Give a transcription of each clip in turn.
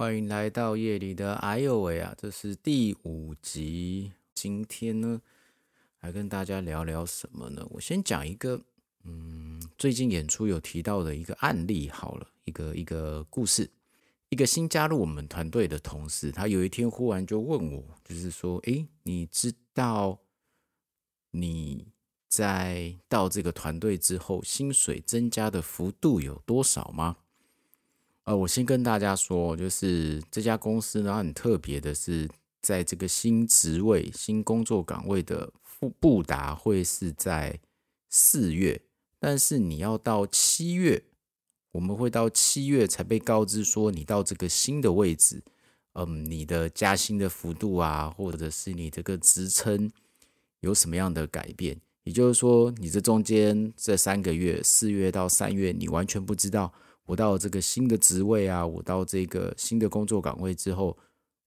歡迎來到夜裡的艾唷喂呀！這是第五集。今天呢，來跟大家聊聊什麼呢？我先講一個，嗯，最近演出有提到的一個案例，好了，一個一個故事。一個新加入我們團隊的同事，他有一天忽然就問我，就是說，誒，你知道你在到這個團隊之後，薪水增加的幅度有多少嗎？呃，我先跟大家說，就是這家公司呢很特別的是，在這個新職位、新工作崗位的布布達會是在四月，但是你要到七月，我們會到七月才被告知說你到這個新的位置，嗯、呃，你的加薪的幅度啊，或者是你這個職稱有什麼樣的改變？也就是說，你這中間這三個月，四月到三月，你完全不知道。我到這個新的職位啊，我到這個新的工作崗位之後，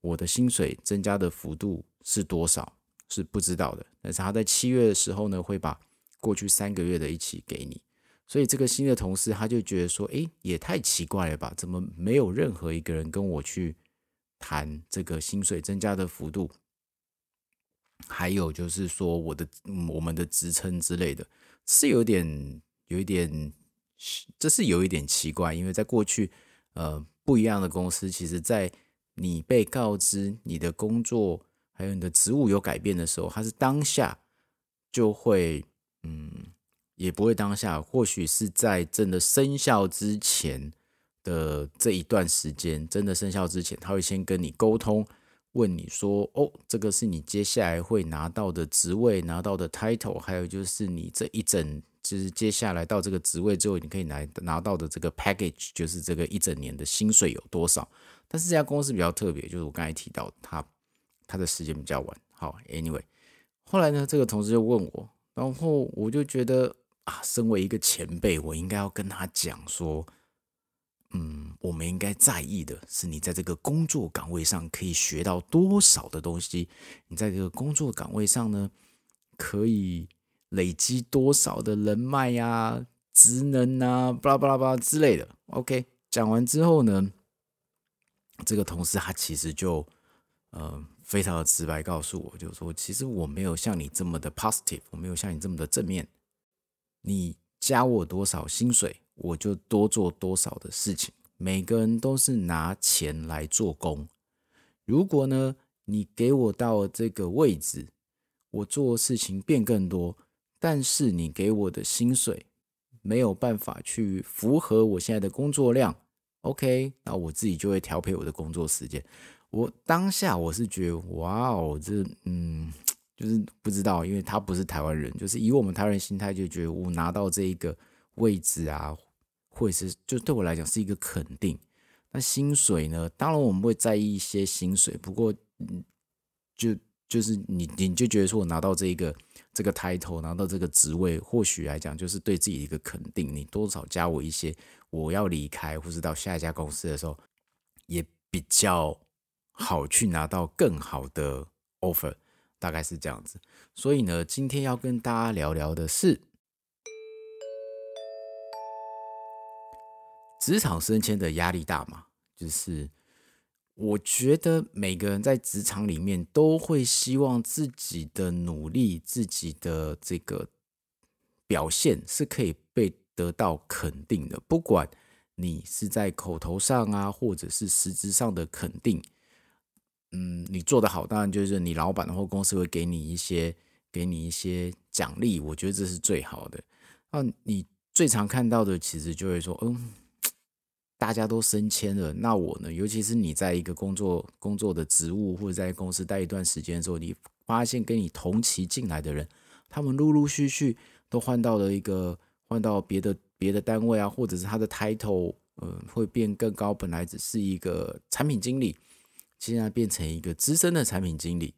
我的薪水增加的幅度是多少是不知道的。但是他在七月的時候呢，會把過去三個月的一起給你。所以這個新的同事他就覺得說，誒，也太奇怪了吧？怎麼沒有任何一個人跟我去談這個薪水增加的幅度？還有就是說我的我們的職稱之類的，是有點有一點。這是有一點奇怪，因為在過去，呃，不一樣的公司，其實，在你被告知你的工作還有你的職務有改變的時候，它是當下就會，嗯，也不會當下，或許是在真的生效之前的這一段時間，真的生效之前，他會先跟你溝通，問你說，哦，這個是你接下來會拿到的職位，拿到的 title，還有就是你這一整。就是接下來到這個職位之後，你可以拿拿到的這個 package，就是這個一整年的薪水有多少。但是這家公司比較特別，就是我剛才提到，他他的時間比較晚。好，anyway，後來呢，這個同事就問我，然後我就覺得啊，身為一個前輩，我應該要跟他講說，嗯，我們應該在意的是你在這個工作崗位上可以學到多少的東西，你在這個工作崗位上呢，可以。累積多少的人脈呀、啊、職能啊、巴拉巴拉巴拉之類的。OK，講完之後呢，這個同事他其實就呃非常的直白告訴我，就說其實我沒有像你這麼的 positive，我沒有像你這麼的正面。你加我多少薪水，我就多做多少的事情。每個人都是拿錢來做工。如果呢，你給我到這個位置，我做的事情變更多。但是你給我的薪水沒有辦法去符合我現在的工作量，OK？那我自己就會調配我的工作時間。我當下我是覺得，哇哦，這嗯，就是不知道，因為他不是台灣人，就是以我們台灣人心態就覺得我拿到這一個位置啊，或者是就對我來講是一個肯定。那薪水呢？當然我們會在意一些薪水，不過嗯，就就是你你就覺得說我拿到這一個。這個抬頭拿到這個職位，或許來講就是對自己一個肯定。你多少加我一些，我要離開或者到下一家公司的時候，也比較好去拿到更好的 offer，大概是這樣子。所以呢，今天要跟大家聊聊的是，職場升遷的壓力大嗎？就是。我覺得每個人在職場裡面都會希望自己的努力、自己的這個表現是可以被得到肯定的。不管你是在口頭上啊，或者是實質上的肯定，嗯，你做得好，當然就是你老闆或公司會給你一些、給你一些獎勵。我覺得這是最好的。那你最常看到的，其實就會說，嗯。大家都升遷了，那我呢？尤其是你在一個工作工作的職務，或者在公司待一段時間的時候，你發現跟你同期進來的人，他們陸陸續續都換到了一個換到別的別的單位啊，或者是他的 title，嗯、呃，會變更高。本來只是一個產品經理，現在變成一個資深的產品經理，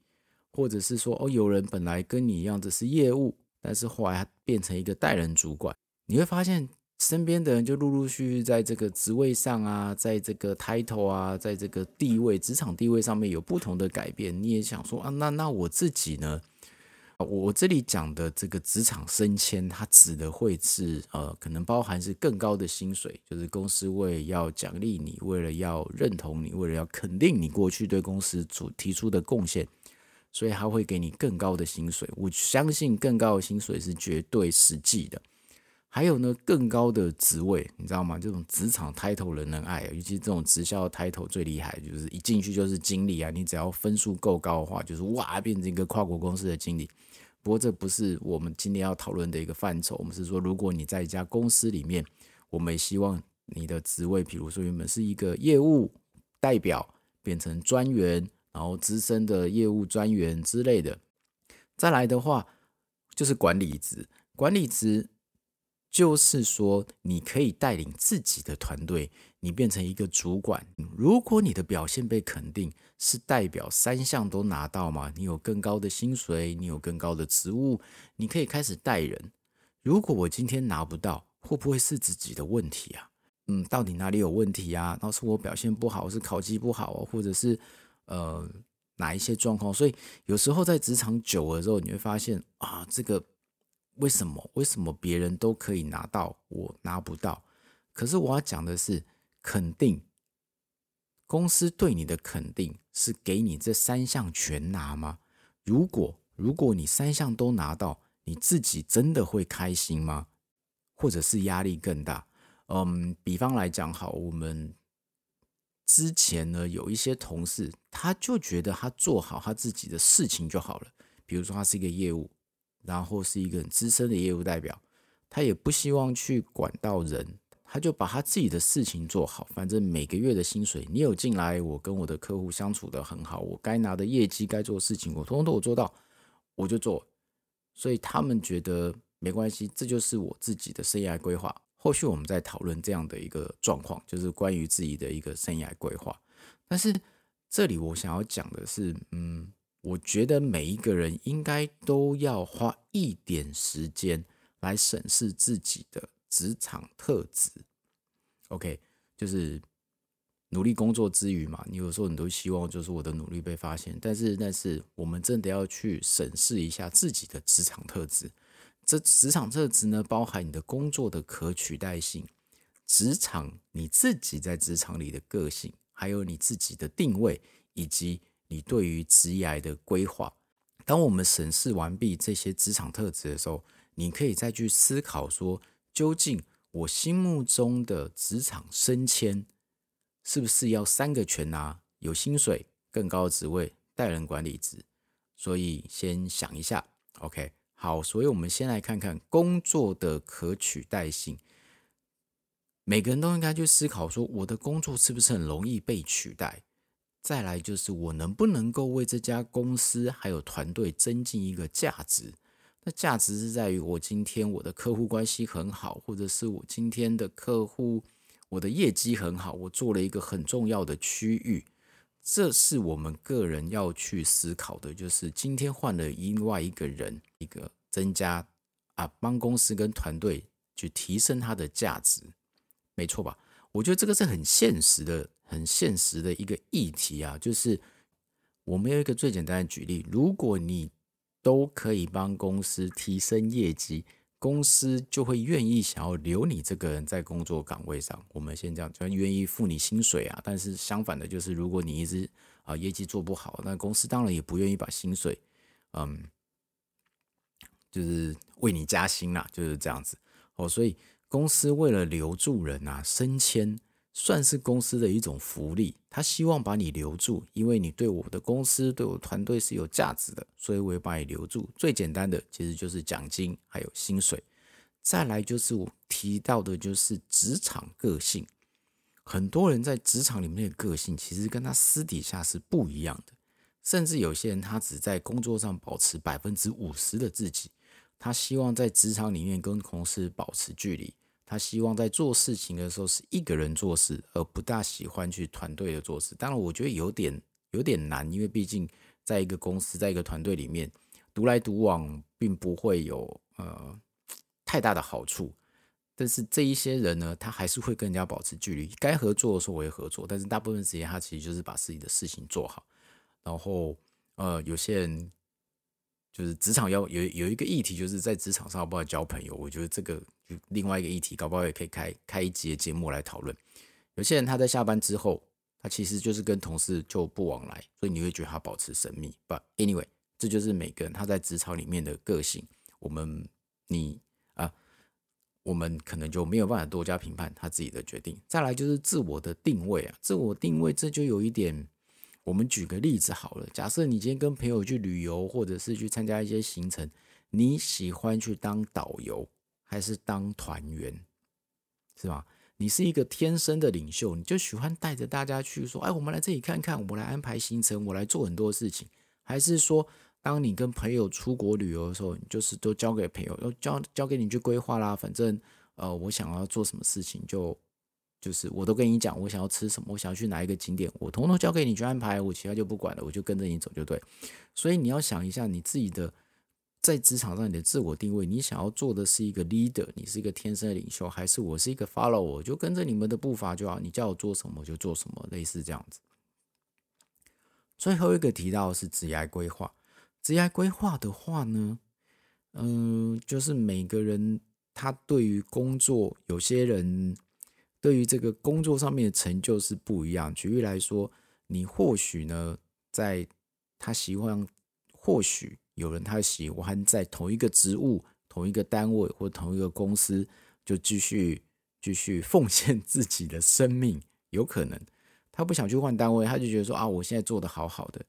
或者是說，哦，有人本來跟你一樣只是業務，但是後來變成一個帶人主管，你會發現。身邊的人就陸陸續續在這個職位上啊，在這個 title 啊，在這個地位、職場地位上面有不同的改變。你也想說啊，那那我自己呢？啊，我這裡講的這個職場升遷，它指的會是呃，可能包含是更高的薪水，就是公司為了要獎勵你，為了要認同你，為了要肯定你過去對公司提出的貢獻，所以他會給你更高的薪水。我相信更高的薪水是絕對實際的。還有呢，更高的職位，你知道嗎？這種職場抬頭人人愛啊，尤其這種直銷抬頭最厲害，就是一進去就是經理啊。你只要分數夠高的話，就是哇，變成一個跨國公司的經理。不過這不是我們今天要討論的一個範疇。我們是說，如果你在一家公司裡面，我們也希望你的職位，比如說原本是一個業務代表，變成專員，然後資深的業務專員之類的。再來的話，就是管理職，管理職。就是說，你可以帶領自己的團隊，你變成一個主管。如果你的表現被肯定，是代表三項都拿到嘛，你有更高的薪水，你有更高的職務，你可以開始帶人。如果我今天拿不到，會不會是自己的問題啊？嗯，到底哪裡有問題啊？倒是我表現不好，是考績不好，或者是呃哪一些狀況？所以有時候在職場久了之後，你會發現啊，這個。為什麼？為什麼別人都可以拿到，我拿不到？可是我要講的是，肯定，公司對你的肯定是給你這三項全拿嗎？如果如果你三項都拿到，你自己真的會開心嗎？或者是壓力更大？嗯，比方來講，好，我們之前呢有一些同事，他就覺得他做好他自己的事情就好了，比如說他是一個業務。然後是一個很資深的業務代表，他也不希望去管到人，他就把他自己的事情做好。反正每個月的薪水你有進來，我跟我的客戶相處得很好，我該拿的業績，該做的事情，我通通都有做到，我就做。所以他們覺得沒關係，這就是我自己的生涯規劃。後續我們再討論這樣的一個狀況，就是關於自己的一個生涯規劃。但是這裡我想要講的是，嗯。我覺得每一個人應該都要花一點時間來審視自己的職場特質。OK，就是努力工作之餘嘛，你有時候你都希望就是我的努力被發現，但是，但是我們真的要去審視一下自己的職場特質。這職場特質呢，包含你的工作的可取代性，職場，你自己在職場裡的個性，還有你自己的定位，以及。你對於職業的規劃，當我們審視完畢這些職場特質的時候，你可以再去思考說，究竟我心目中的職場升遷，是不是要三個全拿？有薪水、更高的職位、帶人管理職。所以先想一下，OK？好，所以我們先來看看工作的可取代性。每個人都應該去思考說，我的工作是不是很容易被取代？再來就是我能不能夠為這家公司還有團隊增進一個價值？那價值是在於我今天我的客戶關係很好，或者是我今天的客戶我的業績很好，我做了一個很重要的區域，這是我們個人要去思考的。就是今天換了另外一個人，一個增加啊，幫公司跟團隊去提升它的價值，沒錯吧？我覺得這個是很現實的。很現實的一個議題啊，就是我們有一個最簡單的舉例：如果你都可以幫公司提升業績，公司就會願意想要留你這個人在工作崗位上。我們先這樣，就願意付你薪水啊。但是相反的，就是如果你一直啊、呃、業績做不好，那公司當然也不願意把薪水，嗯，就是為你加薪啦、啊。就是這樣子。哦，所以公司為了留住人啊，升遷。算是公司的一種福利，他希望把你留住，因為你對我的公司、對我團隊是有價值的，所以我也把你留住。最簡單的其實就是獎金，還有薪水。再來就是我提到的，就是職場個性。很多人在職場裡面的個性，其實跟他私底下是不一樣的。甚至有些人，他只在工作上保持百分之五十的自己，他希望在職場裡面跟同事保持距離。他希望在做事情的時候是一個人做事，而不大喜歡去團隊的做事。當然，我覺得有點有點難，因為畢竟在一個公司，在一個團隊裡面獨來獨往，並不會有呃太大的好處。但是這一些人呢，他還是會跟人家保持距離。該合作的時候會合作，但是大部分時間他其實就是把自己的事情做好。然後，呃，有些人。就是職場要有有一個議題，就是在職場上要不要交朋友？我覺得這個就另外一個議題，搞不好也可以開開一節節目來討論。有些人他在下班之後，他其實就是跟同事就不往來，所以你會覺得他保持神秘。But anyway，這就是每個人他在職場裡面的個性。我們你啊，我們可能就沒有辦法多加評判他自己的決定。再來就是自我的定位啊，自我定位這就有一點。我們舉個例子好了，假設你今天跟朋友去旅遊，或者是去參加一些行程，你喜歡去當導遊還是當團員？是吧？你是一個天生的領袖，你就喜歡帶着大家去說，哎，我們來這裡看看，我們來安排行程，我來做很多事情，還是說，當你跟朋友出國旅遊的時候，你就是都交給朋友，要交交給你去規劃啦，反正呃，我想要做什麼事情就。就是我都跟你講，我想要吃什麼，我想要去哪一個景點，我統統交給你去安排，我其他就不管了，我就跟着你走就對。所以你要想一下你自己的在職場上你的自我定位，你想要做的是一個 leader，你是一個天生的領袖，還是我是一個 follower，就跟着你們的步伐就好，你叫我做什麼就做什麼，類似這樣子。最後一個提到的是職業規劃，職業規劃的話呢，嗯，就是每個人他對於工作，有些人，對於這個工作上面的成就是不一樣。舉例來說，你或許呢，在他喜歡，或許有人他喜歡在同一個職務、同一個單位或同一個公司就繼續繼續奉獻自己的生命，有可能他不想去換單位，他就覺得說啊，我現在做得好好的，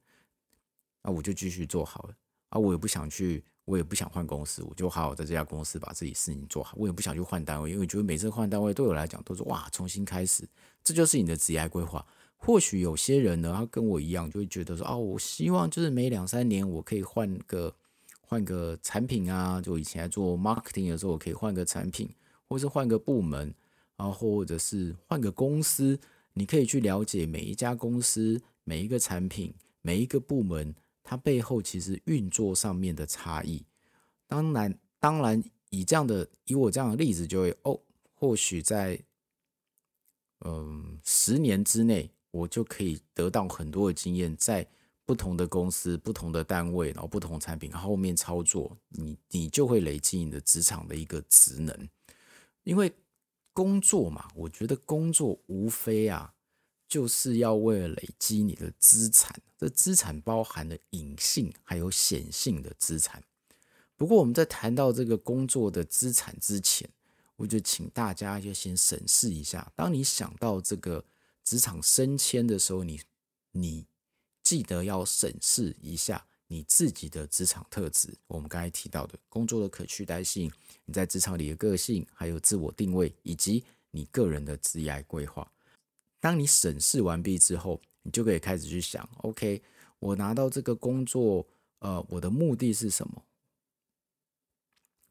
那我就繼續做好了啊，我也不想去，我也不想換公司，我就好好在這家公司把自己事情做好。我也不想去換單位，因為我覺得每次換單位對我來講都是哇，重新開始。這就是你的職業規劃。或許有些人呢，他跟我一樣，就會覺得說，哦、啊，我希望就是每兩三年我可以換個換個產品啊，就以前在做 marketing 的時候，我可以換個產品，或是換個部門，然、啊、後或者是換個公司。你可以去了解每一家公司、每一個產品、每一個部門。它背後其實運作上面的差異，當然，當然以這樣的以我這樣的例子，就會哦，或許在嗯、呃、十年之內，我就可以得到很多的經驗，在不同的公司、不同的單位，然後不同產品，然後後面操作，你你就會累積你的職場的一個職能，因為工作嘛，我覺得工作無非啊。就是要為了累積你的資產，這資產包含了隱性還有顯性的資產。不過我們在談到這個工作的資產之前，我就請大家就先審視一下。當你想到這個職場升遷的時候，你你記得要審視一下你自己的職場特質。我們剛才提到的工作的可取代性，你在職場裡的個性，還有自我定位，以及你個人的職業規劃。當你審視完畢之後，你就可以開始去想，OK，我拿到這個工作，呃，我的目的是什麼？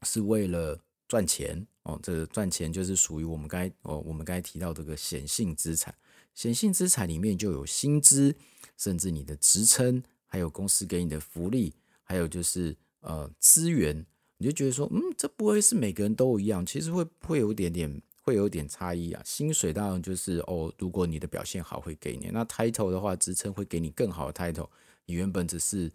是為了賺錢哦。這個賺錢就是屬於我們剛才哦，我們剛才提到的這個顯性資產。顯性資產裡面就有薪資，甚至你的職稱，還有公司給你的福利，還有就是呃資源。你就覺得說，嗯，這不會是每個人都一樣，其實會會有一點點。會有點差異啊，薪水當然就是哦，如果你的表現好，會給你那 title 的話，職稱會給你更好的 title。你原本只是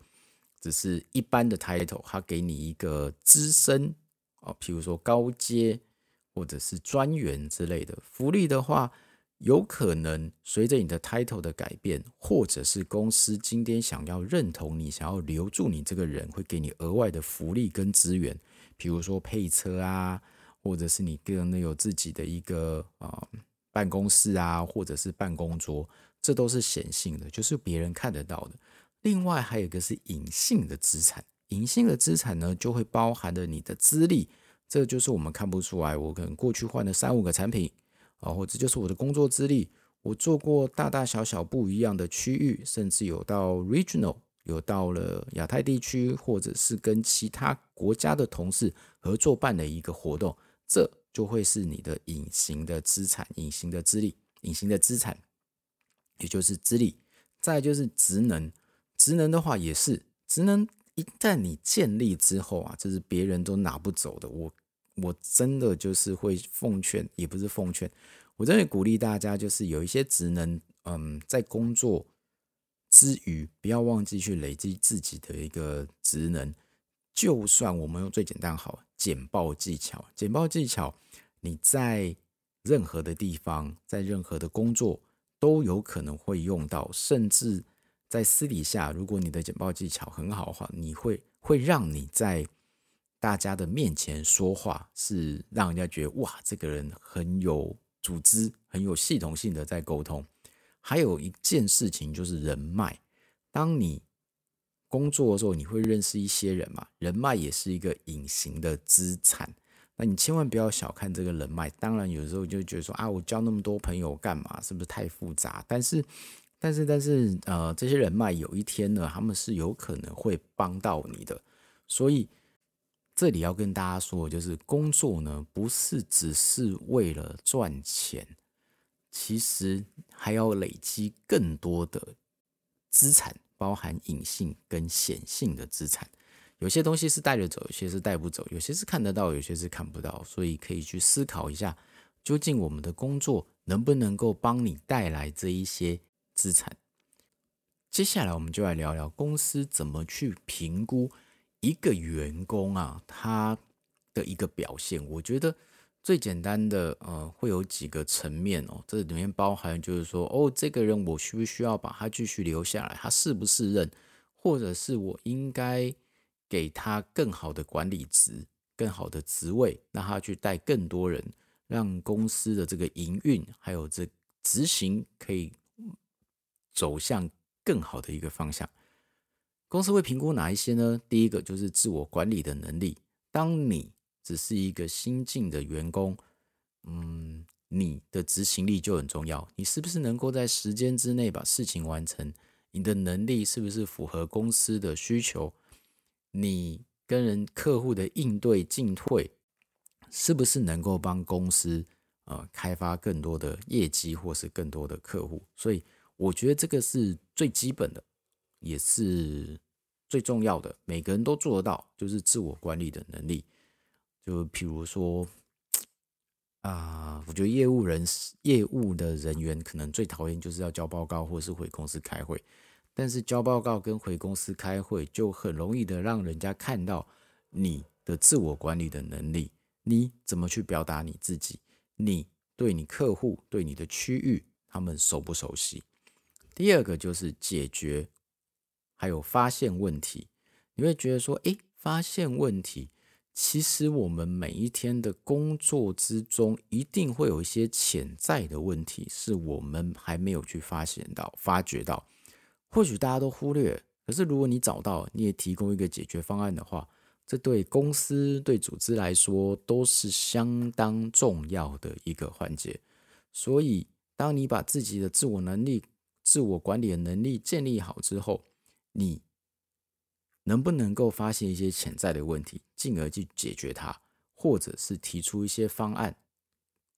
只是一般的 title，他給你一個資深啊，哦，譬如說高階或者是專員之類的。福利的話，有可能隨着你的 title 的改變，或者是公司今天想要認同你，想要留住你這個人，會給你額外的福利跟資源，譬如說配車啊。或者是你個人的有自己的一個啊辦公室啊，或者是辦公桌，這都是顯性的，就是別人看得到的。另外還有一個是隱性的資產，隱性的資產呢就會包含了你的資歷，這就是我們看不出來。我可能過去換了三五個產品啊，或者就是我的工作資歷，我做過大大小小不一樣的區域，甚至有到 regional，有到了亞太地區，或者是跟其他國家的同事合作辦的一個活動。這就會是你的隱形的資產、隱形的資歷、隱形的資產，也就是資歷。再就是職能，職能的話也是職能，一旦你建立之後啊，這是別人都拿不走的。我我真的就是會奉勸，也不是奉勸，我真的鼓勵大家，就是有一些職能，嗯，在工作之餘，不要忘記去累積自己的一個職能。就算我們用最簡單，好，簡報技巧，簡報技巧，你在任何的地方，在任何的工作都有可能會用到，甚至在私底下，如果你的簡報技巧很好的話，你會會讓你在大家的面前說話，是讓人家覺得哇，這個人很有組織，很有系統性的在溝通。還有一件事情就是人脈，當你。工作的時候你會認識一些人嘛，人脈也是一個隱形的資產，那你千萬不要小看這個人脈。當然，有時候就覺得說啊，我交那麼多朋友幹嘛？是不是太複雜？但是，但是，但是，呃，這些人脈有一天呢，他們是有可能會幫到你的。所以，這裡要跟大家說，就是工作呢，不是只是為了賺錢，其實還要累積更多的資產。包含隱性跟顯性的資產，有些東西是帶着走，有些是帶不走，有些是看得到，有些是看不到，所以可以去思考一下，究竟我們的工作能不能夠幫你帶來這一些資產。接下來我們就來聊聊公司怎麼去評估一個員工啊，他的一個表現。我覺得。最簡單的，呃，會有幾個層面哦。這裡面包含就是說，哦，這個人我需不需要把他繼續留下來？他是不是適任？或者是我應該給他更好的管理職、更好的職位，讓他去帶更多人，讓公司的這個營運還有這執行可以走向更好的一個方向。公司會評估哪一些呢？第一個就是自我管理的能力。當你只是一個新進的員工，嗯，你的執行力就很重要。你是不是能夠在時間之內把事情完成？你的能力是不是符合公司的需求？你跟人客戶的應對進退，是不是能夠幫公司呃開發更多的業績或是更多的客戶？所以我覺得這個是最基本的，也是最重要的。每個人都做得到，就是自我管理的能力。就比如說啊，呃，我覺得業務人業務的人員可能最討厭就是要交報告或是回公司開會。但是交報告跟回公司開會就很容易的讓人家看到你的自我管理的能力，你怎麼去表達你自己，你對你客戶對你的區域他們熟不熟悉？第二個就是解決，還有發現問題，你會覺得說，哎，發現問題。其實我們每一天的工作之中，一定會有一些潛在的問題，是我們還沒有去發現到、發覺到，或許大家都忽略。可是如果你找到，你也提供一個解決方案的話，這對公司、對組織來說都是相當重要的一個環節。所以，當你把自己的自我能力、自我管理的能力建立好之後，你能不能夠發現一些潛在的問題，進而去解決它，或者是提出一些方案，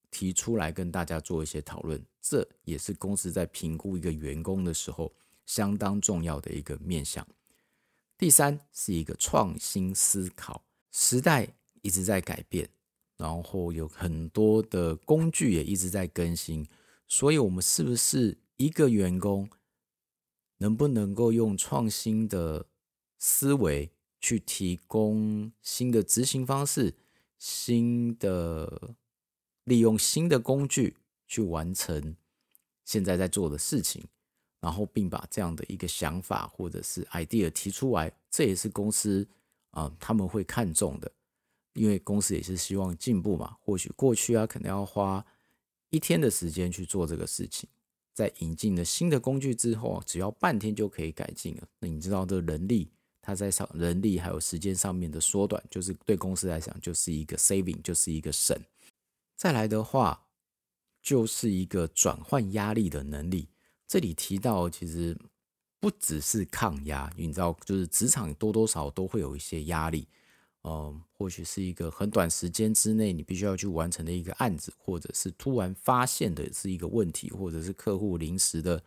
提出來跟大家做一些討論，這也是公司在評估一個員工的時候相當重要的一個面向。第三是一個創新思考，時代一直在改變，然後有很多的工具也一直在更新，所以我們是不是一個員工能不能夠用創新的思維去提供新的執行方式，新的利用新的工具去完成現在在做的事情，然後並把這樣的一個想法或者是 idea 提出來，這也是公司啊、呃、他們會看重的，因為公司也是希望進步嘛。或許過去啊，可能要花一天的時間去做這個事情，在引進了新的工具之後只要半天就可以改進了。那你知道這個人力，他在上人力還有時間上面的縮短，就是對公司來講，就是一個 saving，就是一個省。再來的話，就是一個轉換壓力的能力。這裡提到，其實不只是抗壓，你知道，就是職場多多少少都會有一些壓力。嗯，或許是一個很短時間之內你必須要去完成的一個案子，或者是突然發現的是一個問題，或者是客戶臨時的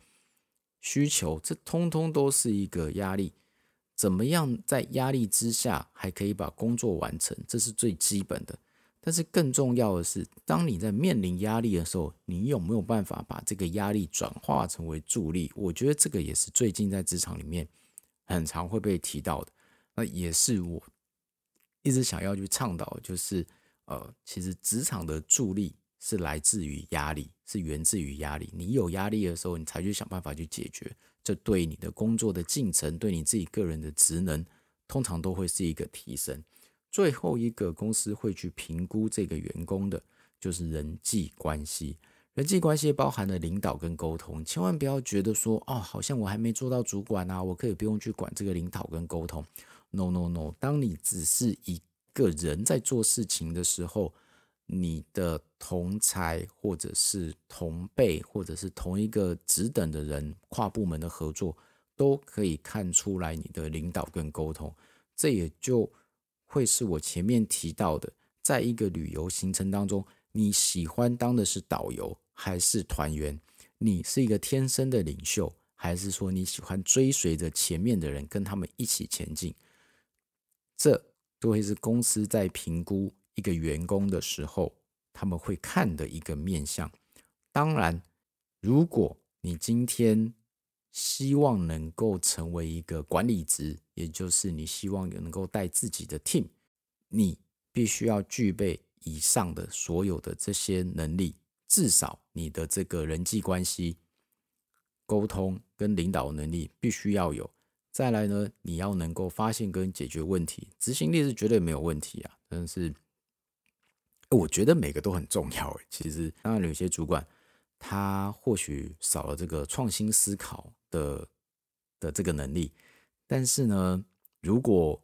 需求，這通通都是一個壓力。怎麼樣在壓力之下還可以把工作完成，這是最基本的。但是更重要的是，當你在面臨壓力的時候，你有沒有辦法把這個壓力轉化成為助力？我覺得這個也是最近在職場裡面很常會被提到的。那也是我一直想要去倡導，就是呃，其實職場的助力。是來自於壓力，是源自於壓力。你有壓力的時候，你才去想辦法去解決。這對你的工作的進程，對你自己個人的職能，通常都會是一個提升。最後一個公司會去評估這個員工的，就是人際關係。人際關係包含了領導跟溝通。千萬不要覺得說，哦，好像我還沒做到主管啊，我可以不用去管這個領導跟溝通。No, no, no，當你只是一個人在做事情的時候。你的同儕，或者是同輩，或者是同一個職等的人，跨部門的合作，都可以看出來你的領導跟溝通。這也就會是我前面提到的，在一個旅遊行程當中，你喜歡當的是導遊還是團員？你是一個天生的領袖，還是說你喜歡追隨着前面的人，跟他們一起前進？這都會是公司在評估一個員工的時候，他們會看的一個面向。當然，如果你今天希望能夠成為一個管理職，也就是你希望有能夠帶自己的 team，你必須要具備以上的所有的這些能力。至少你的這個人際關係、溝通跟領導能力必須要有。再來呢，你要能夠發現跟解決問題，執行力是絕對沒有問題啊，但是。我覺得每個都很重要。其實當然有些主管，他或許少了這個創新思考的的這個能力，但是呢，如果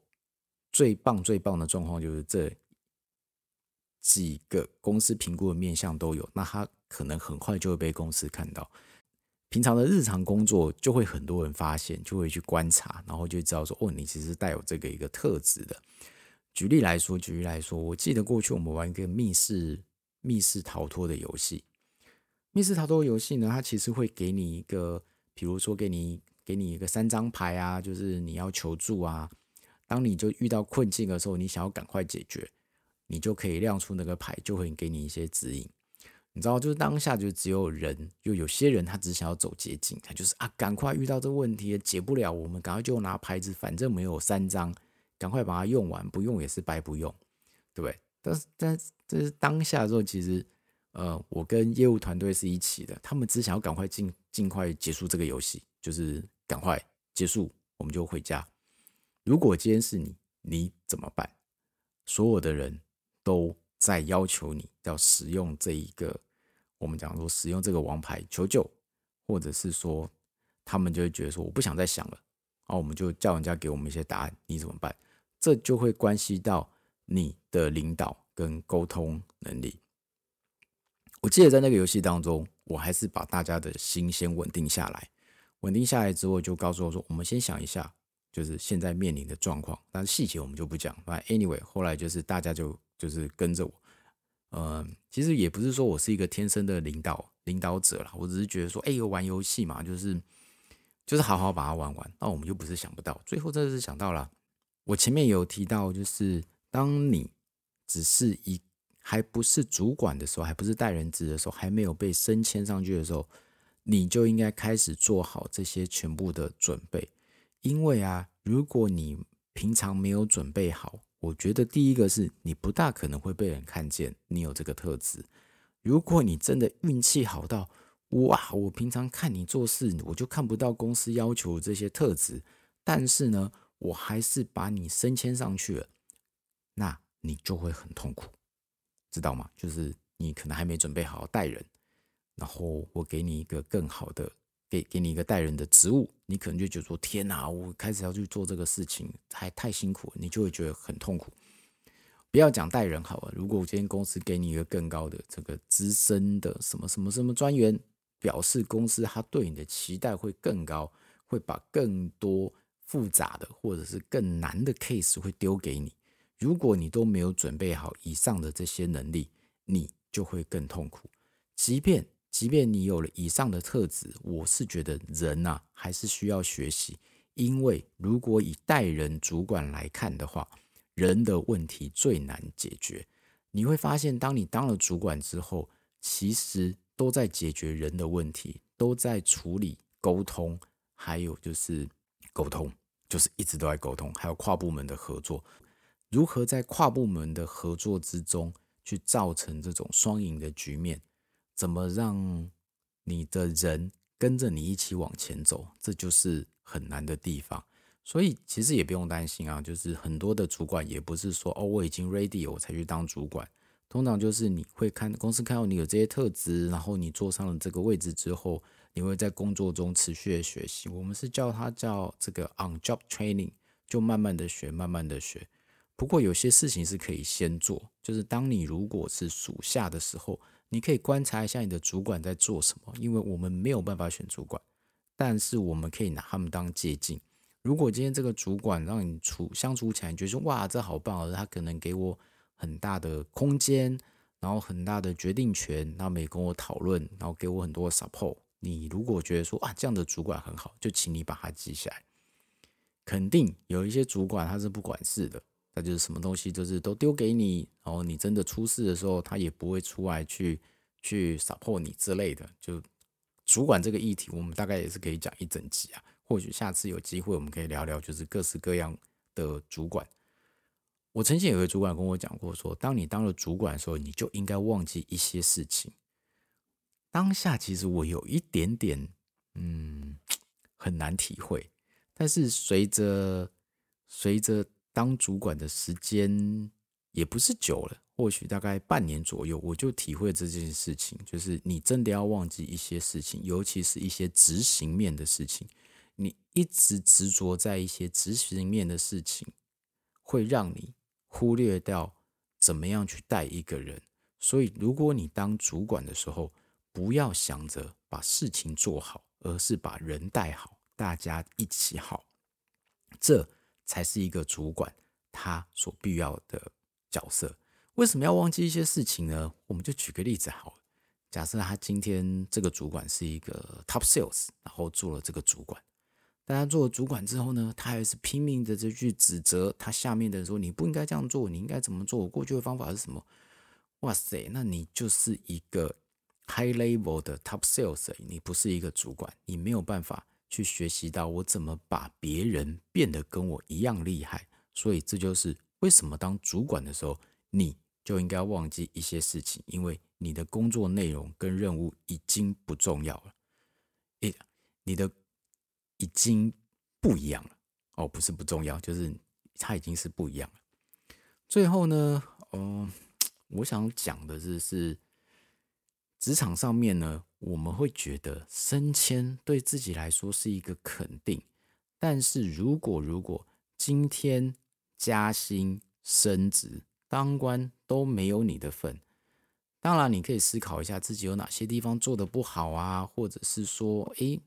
最棒最棒的狀況就是這幾個公司評估的面向都有，那他可能很快就會被公司看到。平常的日常工作就會很多人發現，就會去觀察，然後就知道說，哦，你其實是帶有這個一個特質的。舉例來說，舉例來說，我記得過去我們玩一個密室密室逃脫的遊戲。密室逃脫遊戲呢，它其實會給你一個，比如說給你給你一個三張牌啊，就是你要求助啊。當你就遇到困境的時候，你想要趕快解決，你就可以亮出那個牌，就會給你一些指引。你知道，就是當下就只有人，就有些人他只想要走捷徑，他就是啊，趕快遇到這問題解不了，我們趕快就拿牌子，反正沒有三張。趕快把它用完，不用也是白不用，對不對？但是，但是這是當下的時候，其實，呃，我跟業務團隊是一起的，他們只想要趕快盡盡快結束這個遊戲，就是趕快結束，我們就回家。如果今天是你，你怎麼辦？所有的人都在要求你要使用這一個，我們講說使用這個王牌求救，或者是說，他們就會覺得說我不想再想了，然後我們就叫人家給我們一些答案，你怎麼辦？這就會關係到你的領導跟溝通能力。我記得在那個遊戲當中，我還是把大家的心先穩定下來，穩定下來之後，就告訴我說：“我們先想一下，就是現在面臨的狀況。”但是細節我們就不講。反正，anyway，後來就是大家就就是跟着我。呃，其實也不是說我是一個天生的領導領導者啦，我只是覺得說，哎、欸，玩遊戲嘛，就是就是好好把它玩完。那我們又不是想不到，最後真的是想到了。我前面有提到，就是當你只是一還不是主管的時候，還不是帶人職的時候，還沒有被升遷上去的時候，你就應該開始做好這些全部的準備。因為啊，如果你平常沒有準備好，我覺得第一個是你不大可能會被人看見你有這個特質。如果你真的運氣好到，哇，我平常看你做事，我就看不到公司要求這些特質，但是呢，我還是把你升遷上去了，那你就會很痛苦，知道嗎？就是你可能還沒準備好帶人，然後我給你一個更好的，給給你一個帶人的職務，你可能就覺得說：天哪，我開始要去做這個事情，還太辛苦，你就會覺得很痛苦。不要講帶人好了，如果我今天公司給你一個更高的這個資深的什麼什麼什麼專員，表示公司他對你的期待會更高，會把更多。複雜的或者是更難的 case 會丟給你，如果你都沒有準備好以上的這些能力，你就會更痛苦。即便即便你有了以上的特質，我是覺得人吶、啊、還是需要學習，因為如果以帶人主管來看的話，人的問題最難解決。你會發現，當你當了主管之後，其實都在解決人的問題，都在處理溝通，還有就是溝通。就是一直都在溝通，還有跨部門的合作。如何在跨部門的合作之中去造成這種雙贏的局面？怎麼讓你的人跟着你一起往前走？這就是很難的地方。所以其實也不用擔心啊，就是很多的主管也不是說哦，我已經 ready，我才去當主管。通常就是你會看公司看到你有這些特質，然後你坐上了這個位置之後。你會在工作中持續的學習，我們是叫他叫這個 on job training，就慢慢的學，慢慢的學。不過有些事情是可以先做，就是當你如果是屬下的時候，你可以觀察一下你的主管在做什麼，因為我們沒有辦法選主管，但是我們可以拿他們當借鏡。如果今天這個主管讓你處相處起來，你覺得說哇，這好棒，而他可能給我很大的空間，然後很大的決定權，他們也跟我討論，然後給我很多 support。你如果覺得說啊，這樣的主管很好，就請你把它記下來。肯定有一些主管他是不管事的，那就是什麼東西都是都丟給你，然後你真的出事的時候，他也不會出來去去 support 你之類的。就主管這個議題，我們大概也是可以講一整集啊。或許下次有機會，我們可以聊聊就是各式各樣的主管。我曾經有個主管跟我講過說，當你當了主管的時候，你就應該忘記一些事情。當下其實我有一點點，嗯，很難體會。但是隨着隨着當主管的時間也不是久了，或許大概半年左右，我就體會這件事情，就是你真的要忘記一些事情，尤其是一些執行面的事情。你一直執着在一些執行面的事情，會讓你忽略掉怎麼樣去帶一個人。所以如果你當主管的時候，不要想着把事情做好，而是把人帶好，大家一起好，這才是一個主管他所必要的角色。為什麼要忘記一些事情呢？我們就舉個例子好了，假設他今天這個主管是一個 top sales，然後做了這個主管，當他做了主管之後呢，他還是拼命的就去指責他下面的人說你不應該這樣做，你應該怎麼做？我過去的方法是什麼？哇塞，那你就是一個。High level 的 top sales，你不是一個主管，你沒有辦法去學習到我怎麼把別人變得跟我一樣厲害。所以這就是為什麼當主管的時候，你就應該忘記一些事情，因為你的工作內容跟任務已經不重要了。你、欸、你的已經不一樣了哦，不是不重要，就是它已經是不一樣了。最後呢，嗯、呃，我想講的是是。職場上面呢，我們會覺得升遷對自己來說是一個肯定，但是如果如果今天加薪、升職、當官都沒有你的份，當然你可以思考一下自己有哪些地方做得不好啊，或者是說，誒，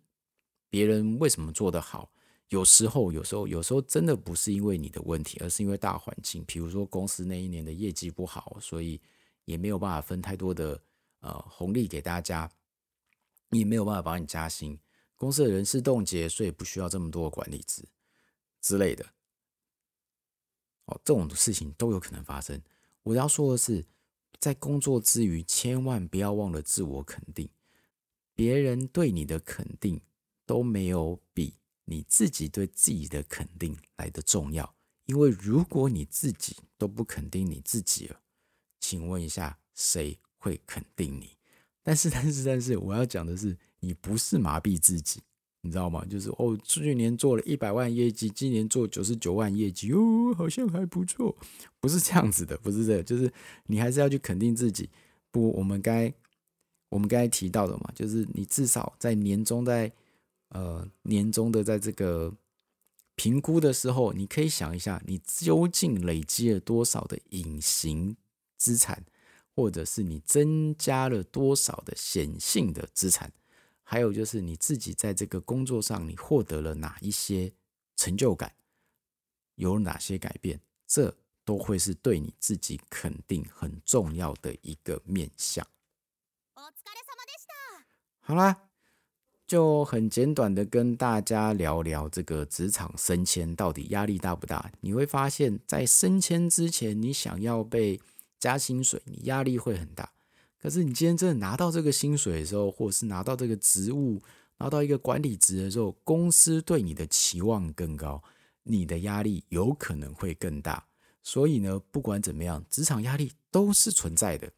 別人為什麼做得好？有時候，有時候，有時候真的不是因為你的問題，而是因為大環境，比如說公司那一年的業績不好，所以也沒有辦法分太多的。呃，紅利給大家，也沒有辦法把你加薪，公司的人事凍結，所以不需要這麼多的管理職之類的。哦，這種事情都有可能發生。我要說的是，在工作之餘，千萬不要忘了自我肯定。別人對你的肯定都沒有比你自己對自己的肯定來得重要，因為如果你自己都不肯定你自己了，請問一下誰？會肯定你，但是但是但是，但是我要講的是，你不是麻痹自己，你知道嗎？就是哦，去年做了一百萬業績，今年做九十九萬業績，哦，好像還不錯，不是這樣子的，不是這樣，就是你還是要去肯定自己。不，我們該我們剛才提到的嘛，就是你至少在年終在，在呃年終的在這個評估的時候，你可以想一下，你究竟累積了多少的隱形資產。或者是你增加了多少的顯性的資產，還有就是你自己在這個工作上，你獲得了哪一些成就感，有哪些改變，這都會是對你自己肯定很重要的一個面向。好啦，就很簡短的跟大家聊聊這個職場升遷到底壓力大不大？你會發現，在升遷之前，你想要被加薪水，你壓力會很大。可是你今天真的拿到這個薪水的時候，或者是拿到這個職務，拿到一個管理職的時候，公司對你的期望更高，你的壓力有可能會更大。所以呢，不管怎麼樣，職場壓力都是存在的。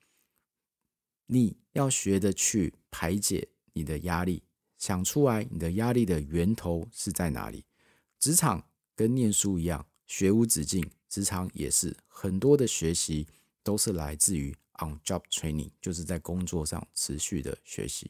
你要學着去排解你的壓力，想出來你的壓力的源頭是在哪裡。職場跟念書一樣，學無止境，職場也是很多的學習。都是來自於 on job training，就是在工作上持續的學習。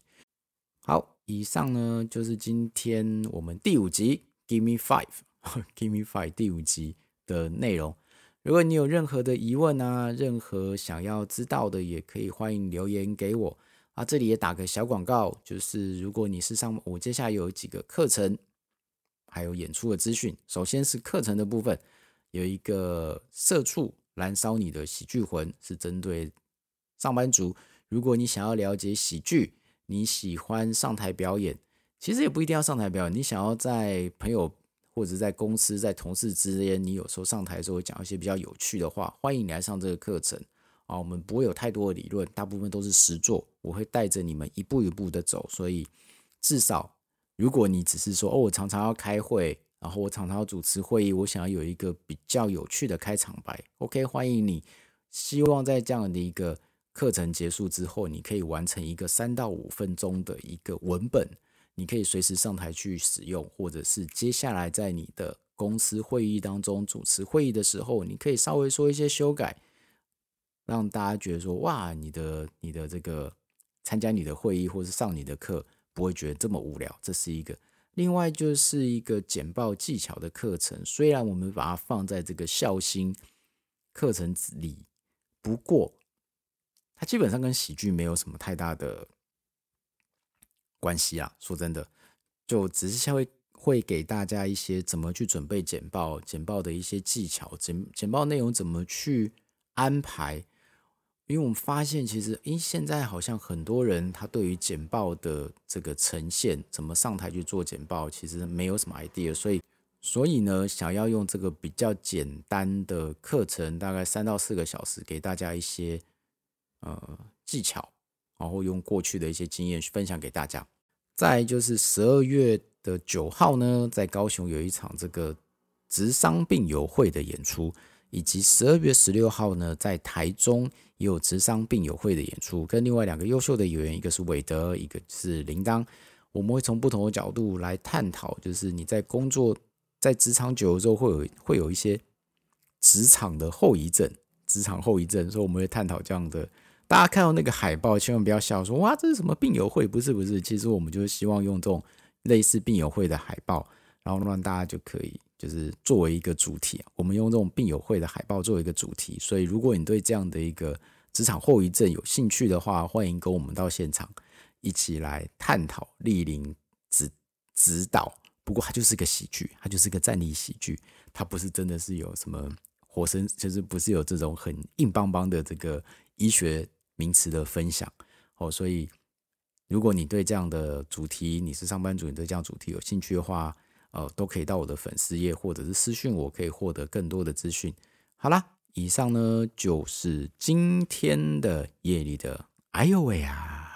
好，以上呢，就是今天我們第五集 Give me five，Give me five 第五集的內容。如果你有任何的疑問啊，任何想要知道的，也可以歡迎留言給我啊。這裡也打個小廣告，就是如果你是上我接下來有幾個課程，還有演出的資訊。首先是課程的部分，有一個社畜。燃燒你的喜劇魂是針對上班族。如果你想要了解喜劇，你喜歡上台表演，其實也不一定要上台表演。你想要在朋友或者在公司、在同事之間，你有時候上台的時候會講一些比較有趣的話，歡迎你來上這個課程啊！我們不會有太多的理論，大部分都是實作。我會帶着你們一步一步的走，所以至少如果你只是說“哦，我常常要開會”。然後我常常要主持會議，我想要有一個比較有趣的開場白。OK，歡迎你。希望在這樣的一個課程結束之後，你可以完成一個三到五分鐘的一個文本，你可以隨時上台去使用，或者是接下來在你的公司會議當中主持會議的時候，你可以稍微說一些修改，讓大家覺得說哇，你的你的這個參加你的會議或是上你的課不會覺得這麼無聊。這是一個。另外就是一個簡報技巧的課程，雖然我們把它放在這個孝心課程裡，不過它基本上跟喜劇沒有什麼太大的關係啊。說真的，就只是稍會會給大家一些怎麼去準備簡報，簡報的一些技巧，簡簡報內容怎麼去安排。因為我們發現，其實，誒，現在好像很多人他對於簡報的這個呈現，怎麼上台去做簡報，其實沒有什麼 idea，所以，所以呢，想要用這個比較簡單的課程，大概三到四個小時，給大家一些呃技巧，然後用過去的一些經驗去分享給大家。再就是十二月的九號呢，在高雄有一場這個職商病友會的演出。以及十二月十六號呢，在台中也有職傷病友會的演出，跟另外兩個優秀的演員，一個是韋德，一個是鈴鐺。我們會從不同的角度來探討，就是你在工作在職場久了之後，會有會有一些職場的後遺症，職場後遺症。所以我們會探討這樣的。大家看到那個海報，千萬不要笑說，說哇，這是什麼病友會？不是，不是。其實我們就是希望用這種類似病友會的海報，然後讓大家就可以。就是作為一個主題我們用這種病友會的海報作為一個主題，所以如果你對這樣的一個職場後遺症有興趣的話，歡迎跟我們到現場一起來探討、莅臨指指導。不過它就是個喜劇，它就是個站立喜劇，它不是真的是有什麼活生，就是不是有這種很硬邦邦的這個醫學名詞的分享哦。所以如果你對這樣的主題，你是上班族，你對這樣的主題有興趣的話。呃，都可以到我的粉絲頁，或者是私信我，可以獲得更多的資訊。好啦，以上呢就是今天的夜裡的，艾唷喂呀。